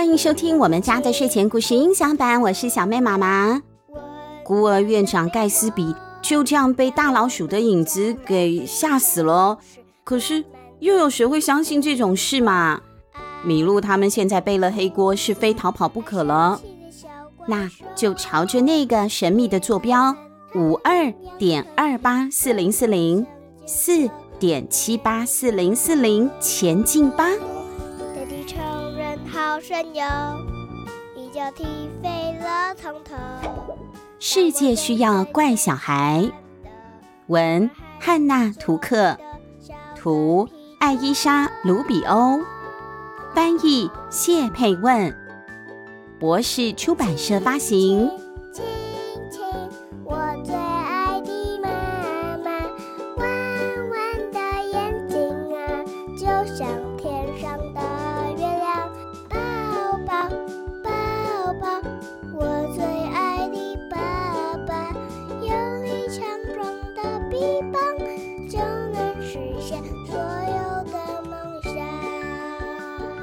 歡迎收聽我們家的睡前故事音享版，我是小妹媽媽。孤兒院長蓋斯比就這樣被大老鼠的影子給嚇死了。可是又有誰會相信這種事嘛？米露他們現在背了黑鍋，是非逃跑不可了。那就朝着那個神秘的坐標五二點二八四零四零四點七八四零四零前進吧。一腳踢飛了從頭。世界需要怪小孩。文：漢娜·圖克，圖：愛伊莎·盧比歐，翻譯：謝佩妏，博識出版社發行。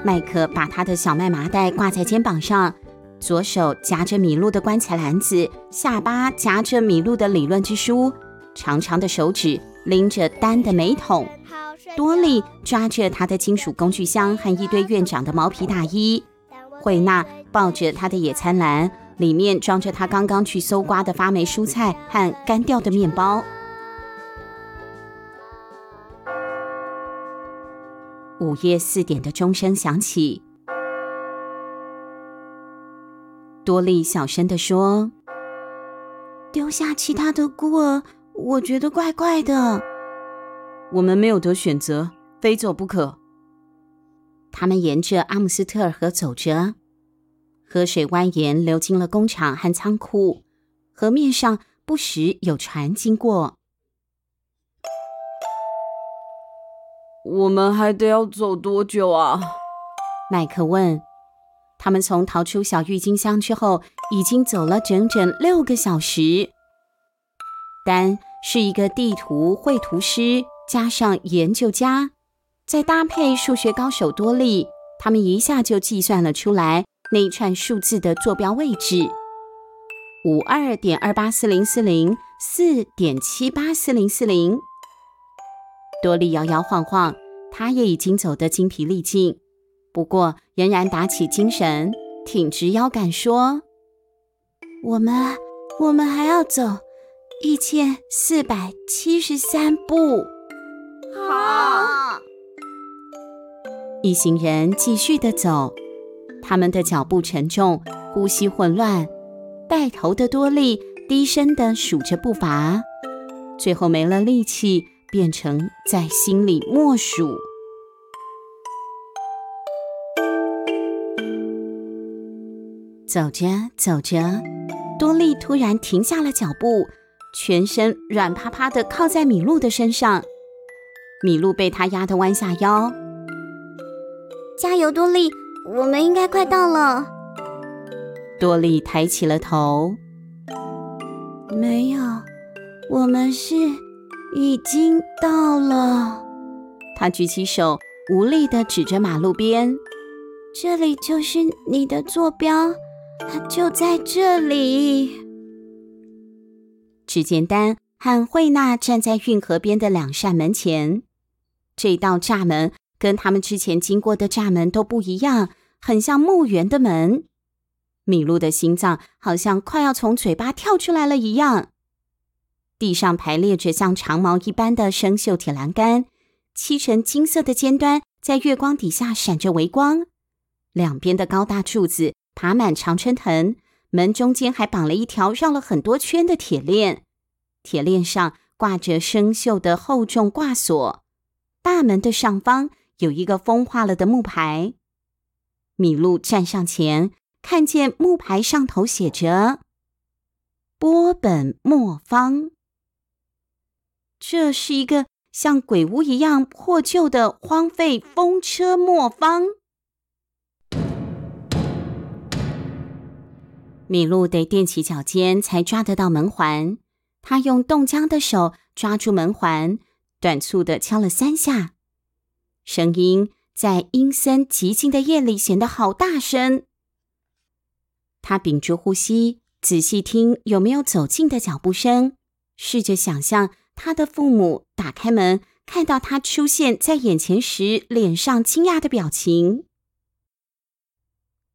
麥克把他的小麥麻袋掛在肩膀上，左手夾着米露的棺材籃子，下巴夾着米露的理論之書，長長的手指拎着單的煤桶。多莉抓着他的金屬工具箱和一堆院長的毛皮大衣。惠娜抱着他的野餐籃，裡面裝着他剛剛去搜刮的發霉蔬菜和乾掉的麵包。午夜四點的鐘聲響起，多莉小聲地說：“丟下其他的孤兒，我覺得怪怪的。”我們沒有得選擇，非走不可。他們沿着阿姆斯特爾河走着，河水蜿蜒流進了工廠和倉庫，河面上不時有船經過。我們還得要走多久啊？麥克問。他們從逃出小鬱金香之後，已經走了整整六個小時。丹是一個地圖繪圖師，加上研究家，再搭配數學高手多利，他們一下就計算了出來那一串數字的坐標位置：五二點二八四零四零，四點七八四零四零。多莉搖搖晃晃，他也已經走得筋疲力盡，不過仍然打起精神，挺直腰桿說：“我們，我們還要走一千四百七十三步。”好，一行人繼續的走，他們的腳步沉重，呼吸混亂。帶頭的多莉低聲的數着步伐，最後沒了力氣。變成在心裡默數。走着走着，多莉突然停下了腳步，全身軟趴趴的靠在米露的身上，米露被他壓得彎下腰。加油，多莉，我們應該快到了。多莉抬起了頭，沒有，我們是。已經到了，他舉起手，無力地指着馬路邊。這裡就是你的坐標，就在這裡。只見丹和惠娜站在運河邊的兩扇門前，這道柵門跟他們之前經過的柵門都不一樣，很像墓園的門。米露的心臟好像快要從嘴巴跳出來了一樣。地上排列着像長矛一般的生鏽鐵欄杆，漆成金色的尖端在月光底下閃着微光。兩邊的高大柱子爬滿常春藤，門中間還綁了一條繞了很多圈的鐵鏈，鐵鏈上掛着生鏽的厚重掛鎖。大門的上方有一個風化了的木牌，米露站上前，看見木牌上頭寫着“波本磨坊。這是一個像鬼屋一樣破舊的荒廢風車磨坊。米露得踮起腳尖才抓得到門環，他用凍僵的手抓住門環，短促的敲了三下，聲音在陰森寂靜的夜裡顯得好大聲。他屏住呼吸，仔細聽有沒有走近的腳步聲，試着想象。他的父母打開門，看到他出現在眼前時，臉上驚訝的表情。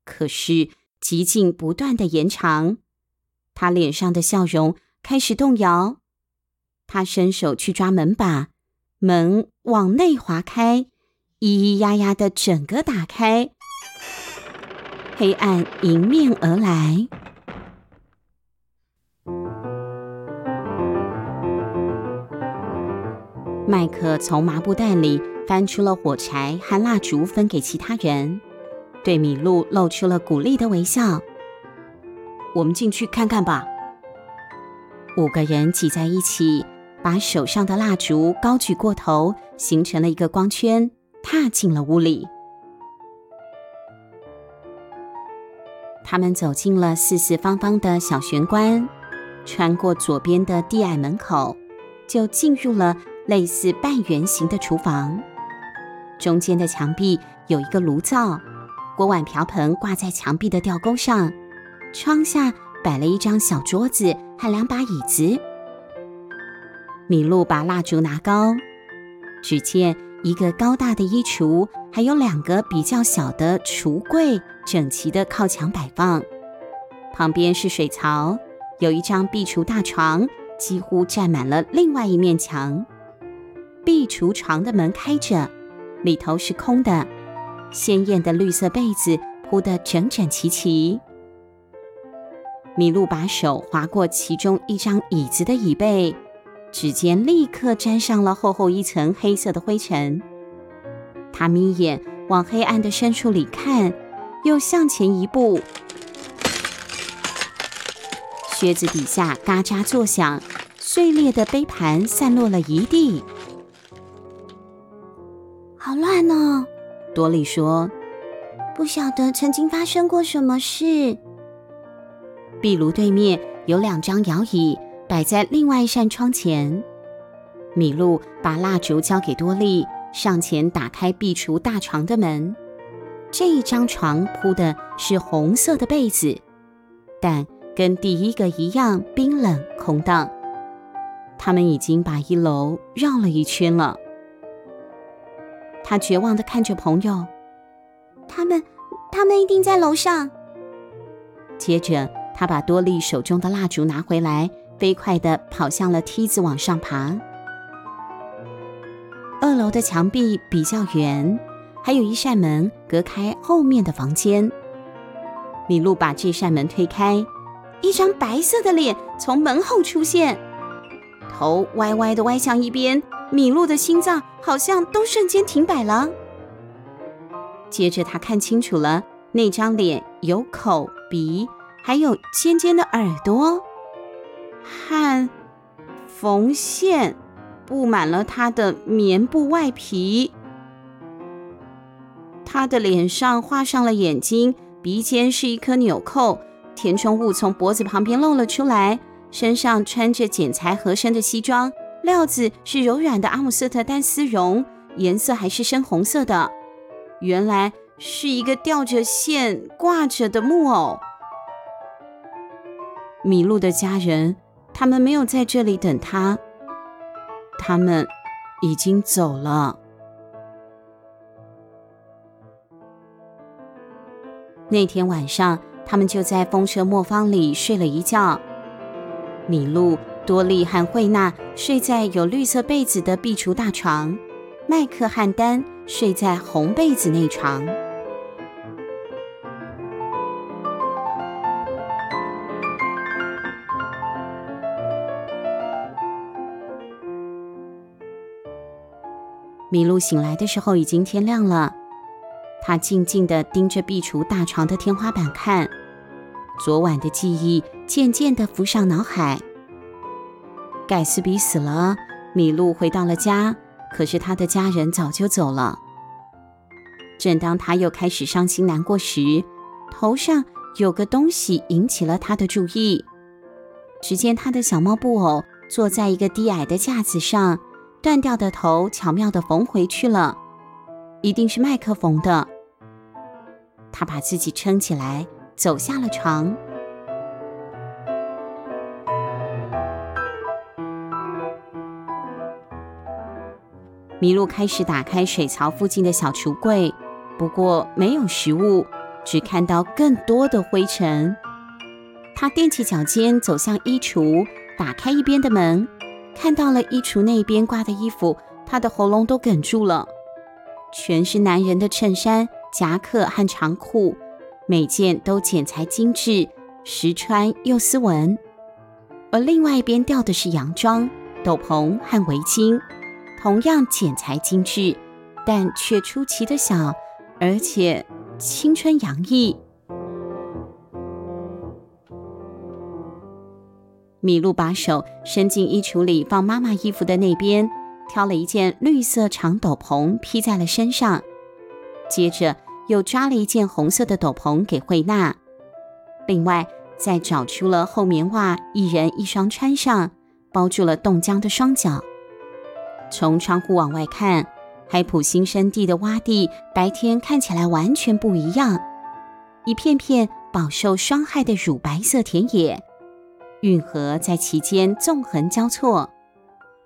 可是，寂靜不斷的延長，他臉上的笑容開始動搖。他伸手去抓門把，門往內滑開，咿咿呀呀的整個打開，黑暗迎面而來。麥克從麻布袋裡翻出了火柴和蠟燭，分給其他人，對米露露出了鼓勵的微笑。我們進去看看吧。五個人擠在一起，把手上的蠟燭高舉過頭，形成了一個光圈，踏進了屋裡。他們走進了四四方方的小玄關，穿過左邊的低矮門口，就進入了。類似半圓形的廚房，中間的牆壁有一個爐灶，鍋碗瓢盆掛在牆壁的吊鈎上。窗下擺了一張小桌子和兩把椅子。米露把蠟燭拿高，只見一個高大的衣櫥，還有兩個比較小的櫥櫃，整齊的靠牆擺放。旁邊是水槽，有一張壁櫥大床，幾乎占滿了另外一面牆。壁櫥床的門開着，裡頭是空的。鮮豔的綠色被子鋪得整整齊齊。米露把手劃過其中一張椅子的椅背，指尖立刻沾上了厚厚一層黑色的灰塵。他眯眼往黑暗的深處裡看，又向前一步，靴子底下嘎扎作響，碎裂的杯盤散落了一地。好亂哦，多莉說：“不曉得曾經發生過什麼事。”壁爐對面有兩張搖椅，擺在另外一扇窗前。米露把蠟燭交給多莉，上前打開壁櫥大床的門。這一張床鋪的是紅色的被子，但跟第一個一樣冰冷空蕩。他們已經把一樓繞了一圈了。他絕望地看着朋友，他們，他們一定在樓上。接着，他把多莉手中的蠟燭拿回來，飛快地跑向了梯子，往上爬。二樓的牆壁比較圓，還有一扇門隔開後面的房間。米露把這扇門推開，一張白色的臉從門後出現，頭歪歪的歪向一邊。米露的心臟好像都瞬間停擺了。接着，他看清楚了那張臉，有口鼻，還有尖尖的耳朵，汗縫線布滿了他的棉布外皮。他的臉上畫上了眼睛，鼻尖是一顆紐扣，填充物從脖子旁邊露了出來，身上穿着剪裁合身的西裝。料子是柔軟的阿姆斯特丹絲絨，顏色還是深紅色的。原來是一個吊着線、掛着的木偶。米露的家人，他們沒有在這裡等他，他們已經走了。那天晚上，他們就在風車磨坊裡睡了一覺。米露。多莉和惠娜睡在有綠色被子的壁櫥大床，麥克和丹睡在紅被子內床。米露醒來的時候，已經天亮了。她靜靜地盯着壁櫥大床的天花板看，昨晚的記憶漸漸地浮上腦海。蓋斯比死了，米露回到了家，可是他的家人早就走了。正當他又開始傷心難過時，頭上有個東西引起了他的注意。只見他的小貓布偶坐在一個低矮的架子上，斷掉的頭巧妙地縫回去了，一定是麥克縫的。他把自己撐起來，走下了床。麋鹿開始打開水槽附近的小櫥櫃，不過沒有食物，只看到更多的灰塵。他踮起腳尖走向衣櫥，打開一邊的門，看到了衣櫥那邊掛的衣服，他的喉嚨都哽住了，全是男人的襯衫、夾克和長褲，每件都剪裁精致，實穿又斯文。而另外一邊吊的是洋裝、斗篷和圍巾。同樣剪裁精緻，但卻出奇的小，而且青春洋溢。米露把手伸進衣櫥裡放媽媽衣服的那邊，挑了一件綠色長斗篷披在了身上，接着又抓了一件紅色的斗篷給惠娜，另外再找出了厚棉襪，一人一雙穿上，包住了凍僵的雙腳。從窗戶往外看，海普新生地的窪地白天看起來完全不一樣，一片片飽受霜害的乳白色田野，運河在其間縱橫交錯，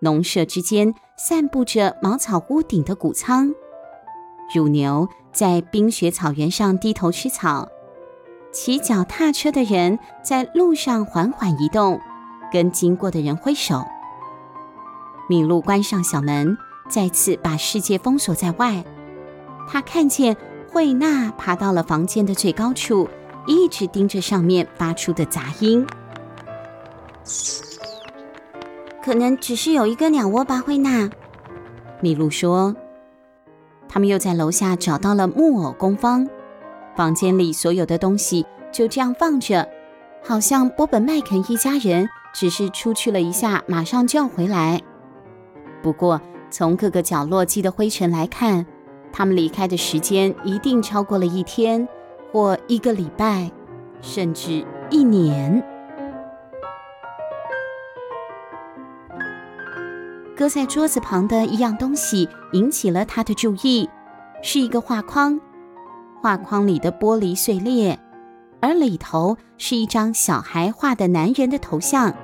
農舍之間散布着茅草屋頂的穀倉，乳牛在冰雪草原上低頭吃草，騎腳踏車的人在路上緩緩移動，跟經過的人揮手。米露關上小門，再次把世界封鎖在外。他看見惠娜爬到了房間的最高處，一直盯着上面發出的雜音。可能只是有一個鳥窩吧，惠娜，米露說。他們又在樓下找到了木偶工坊，房間裡所有的東西就這樣放着，好像波本麥肯一家人只是出去了一下，馬上就要回來。不過，從各個角落積的灰塵來看，他們離開的時間一定超過了一天，或一個禮拜，甚至一年。擱在桌子旁的一樣東西引起了他的注意，是一個畫框，畫框裡的玻璃碎裂，而裡頭是一張小孩畫的男人的頭像，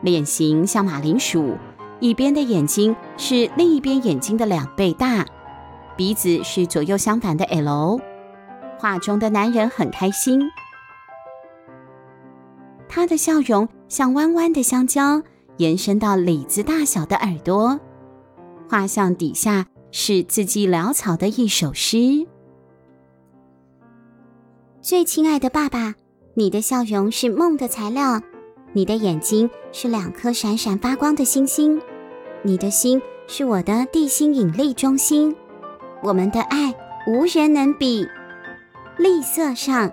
臉型像馬鈴薯。一邊的眼睛是另一邊眼睛的兩倍大，鼻子是左右相反的 L。畫中的男人很開心，他的笑容像彎彎的香蕉，延伸到李子大小的耳朵。畫像底下是字跡潦草的一首詩：“最親愛的爸爸，你的笑容是夢的材料。”你的眼睛是兩顆閃閃發光的星星，你的心是我的地心引力中心，我們的愛無人能比。綠色上，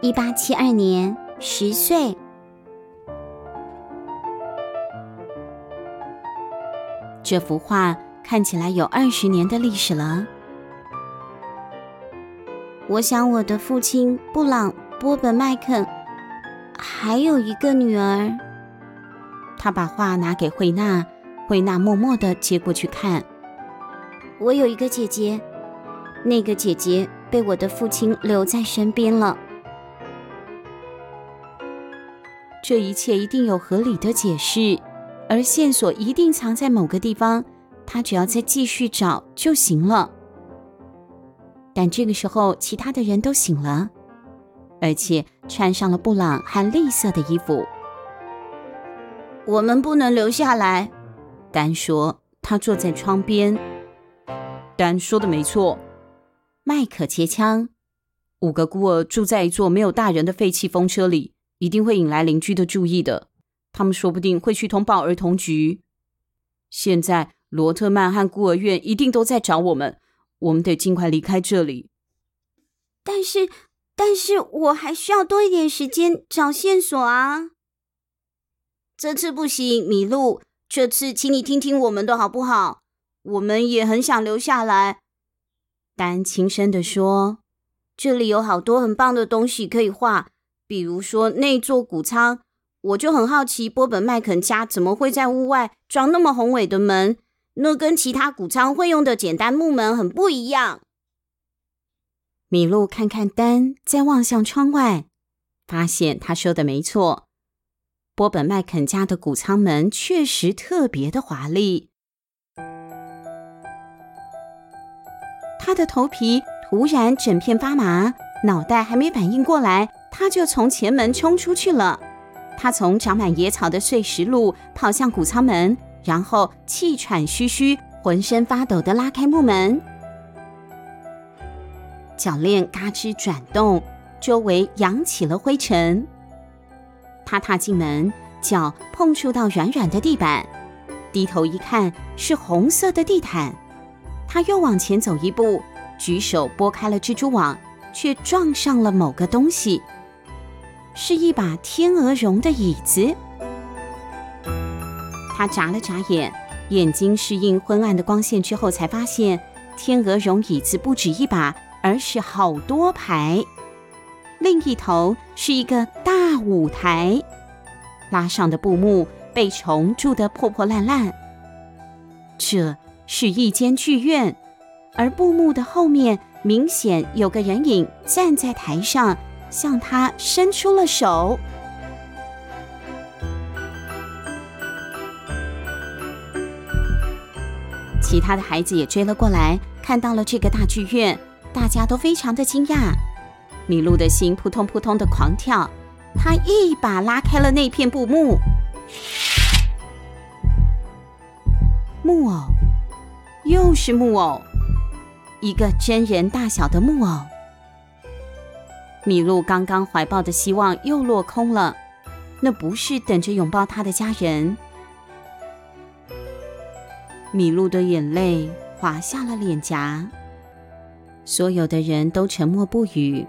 一八七二年，十歲。這幅畫看起來有二十年的歷史了。我想我的父親布朗·波本·麥肯。還有一個女兒。他把畫拿給惠娜，惠娜默默的接過去看。我有一個姐姐，那個姐姐被我的父親留在身邊了。這一切一定有合理的解釋，而線索一定藏在某個地方，他只要再繼續找就行了。但這個時候，其他的人都醒了，而且。穿上了布朗和綠色的衣服。我們不能留下來。丹說：“他坐在窗邊。”丹說的沒錯。麥可切槍。五個孤兒住在一座沒有大人的廢棄風車裡，一定會引來鄰居的注意的。他們說不定會去通報兒童局。現在羅特曼和孤兒院一定都在找我們。我們得儘快離開這裡。但是。但是我還需要多一點時間找線索啊！這次不行，米露，這次請你聽聽我們的好不好？我們也很想留下來。丹輕聲的說：“這裡有好多很棒的東西可以畫，比如說那座谷倉，我就很好奇波本麥肯家怎麼會在屋外裝那麼宏偉的門，那跟其他谷倉會用的簡單木門很不一樣。”米露看看丹，再望向窗外，發現他說的沒錯。波本麥肯家的穀倉門確實特別的華麗。他的頭皮突然整片發麻，腦袋還沒反應過來，他就從前門衝出去了。他從長滿野草的碎石路跑向穀倉門，然後氣喘吁吁、渾身發抖地拉開木門。鉸鏈嘎吱轉動，周圍揚起了灰塵。他踏，踏進門，腳碰觸到軟軟的地板，低頭一看，是紅色的地毯。他又往前走一步，舉手撥開了蜘蛛網，卻撞上了某個東西，是一把天鵝絨的椅子。他眨了眨眼，眼睛適應昏暗的光線之後，才發現天鵝絨椅子不止一把。而是好多排，另一頭是一個大舞台，拉上的布幕被蟲蛀得破破爛爛。這是一間劇院，而布幕的後面明顯有個人影站在台上，向他伸出了手。其他的孩子也追了過來，看到了這個大劇院。大家都非常的驚訝，米露的心撲通撲通的狂跳。她一把拉開了那片布幕，木偶，又是木偶，一個真人大小的木偶。米露剛剛懷抱的希望又落空了，那不是等着擁抱她的家人。米露的眼淚滑下了臉頰。所有的人都沉默不語。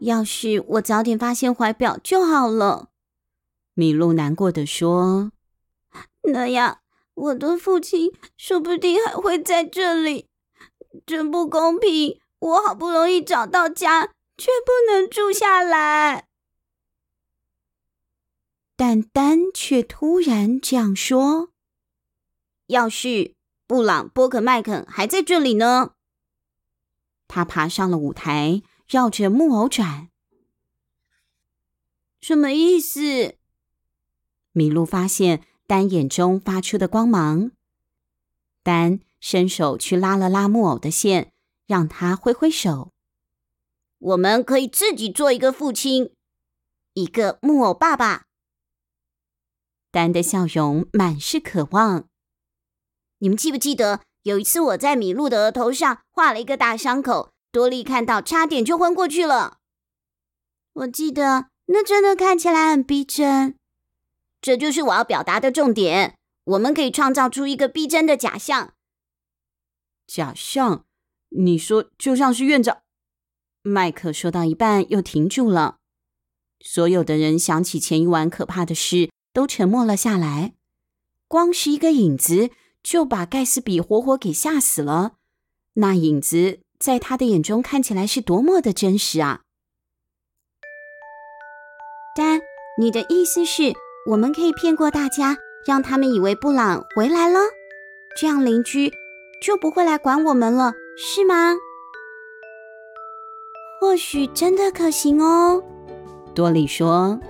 要是我早點發現懷表就好了，米露難過地說：“那樣我的父親說不定還會在這裡。真不公平！我好不容易找到家，卻不能住下來。”但丹卻突然這樣說：“要是布朗、波克、麥肯還在這裡呢？”他爬上了舞台，繞着木偶轉。什麼意思？米露發現丹眼中發出的光芒。丹伸手去拉了拉木偶的線，讓他揮揮手。我們可以自己做一個父親，一個木偶爸爸。丹的笑容滿是渴望。你們記不記得有一次，我在米露的額頭上畫了一個大傷口？多利看到，差點就昏過去了。我記得，那真的看起來很逼真。這就是我要表達的重點：我們可以創造出一個逼真的假象。假象？你說就像是院長？麥克說到一半又停住了。所有的人想起前一晚可怕的事。都沉默了下來，光是一個影子就把蓋斯比活活給嚇死了。那影子在他的眼中看起來是多麼的真實啊！但你的意思是我們可以騙過大家，讓他們以為布朗回來了，這樣鄰居就不會來管我們了，是嗎？或許真的可行哦，多里說。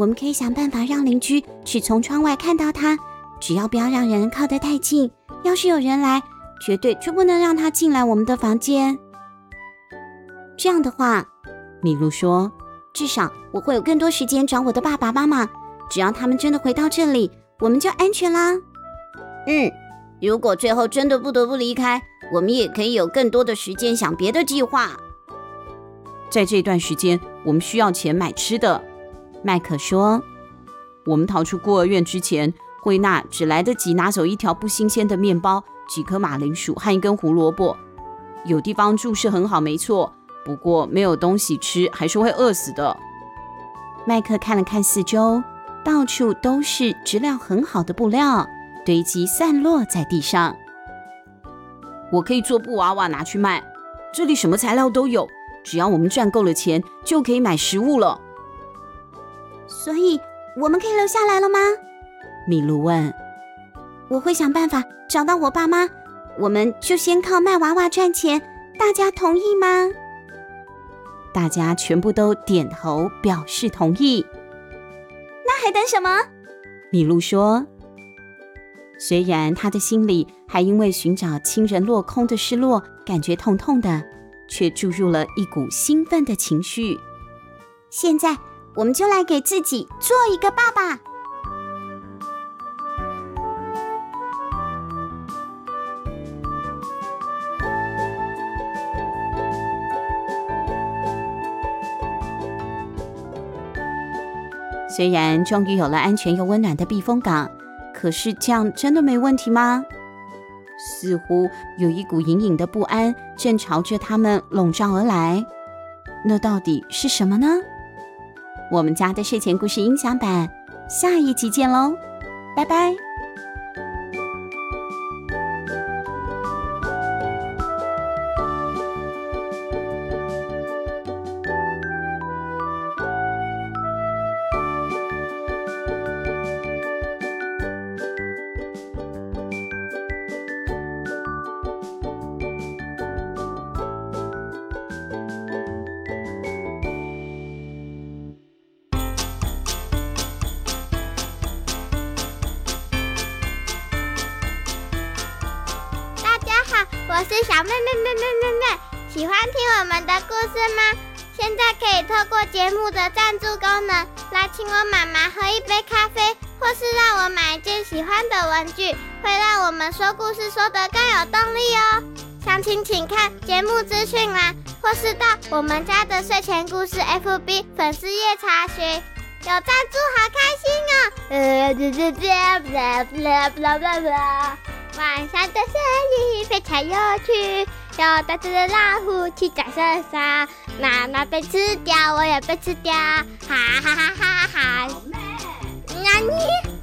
我們可以想辦法讓鄰居去從窗外看到他，只要不要讓人靠得太近。要是有人來，絕對就不能讓他進來我們的房間。這樣的話，米露說：“至少我會有更多時間找我的爸爸媽媽。只要他們真的回到這裡，我們就安全啦。”嗯，如果最後真的不得不離開，我們也可以有更多的時間想別的計劃。在這段時間，我們需要錢買吃的。麥克說：“我們逃出孤兒院之前，惠娜只來得及拿走一條不新鮮的面包、幾顆馬鈴薯和一根胡蘿蔔。有地方住是很好，沒錯，不過沒有東西吃還是會餓死的。”麥克看了看四周，到處都是質量很好的布料，堆積散落在地上。我可以做布娃娃拿去賣，這裡什麼材料都有。只要我們賺夠了錢，就可以買食物了。所以我們可以留下來了嗎？米露問。我會想辦法找到我爸媽，我們就先靠賣娃娃賺錢。大家同意嗎？大家全部都點頭表示同意。那還等什麼？米露說。雖然他的心裡還因為尋找親人落空的失落感覺痛痛的，卻注入了一股興奮的情緒。現在。我們就來給自己做一個爸爸。雖然終於有了安全又溫暖的避風港，可是這樣真的沒問題嗎？似乎有一股隱隱的不安正朝着他們籠罩而來，那到底是什麼呢？我們家的睡前故事音享版，下一集見嘍，拜拜。的故事嗎？現在可以透過節目的贊助功能，來請我媽媽喝一杯咖啡，或是讓我買一件喜歡的文具，會讓我們說故事說得更有動力哦。鄉親，請看節目資訊欄，或是到我們家的睡前故事 FB 粉絲頁查詢。有贊助，好開心哦！ 晚上的森林非常有趣，有大隻的老虎去打蛇上，媽媽被吃掉，我也被吃掉，哈哈哈哈！那你妹？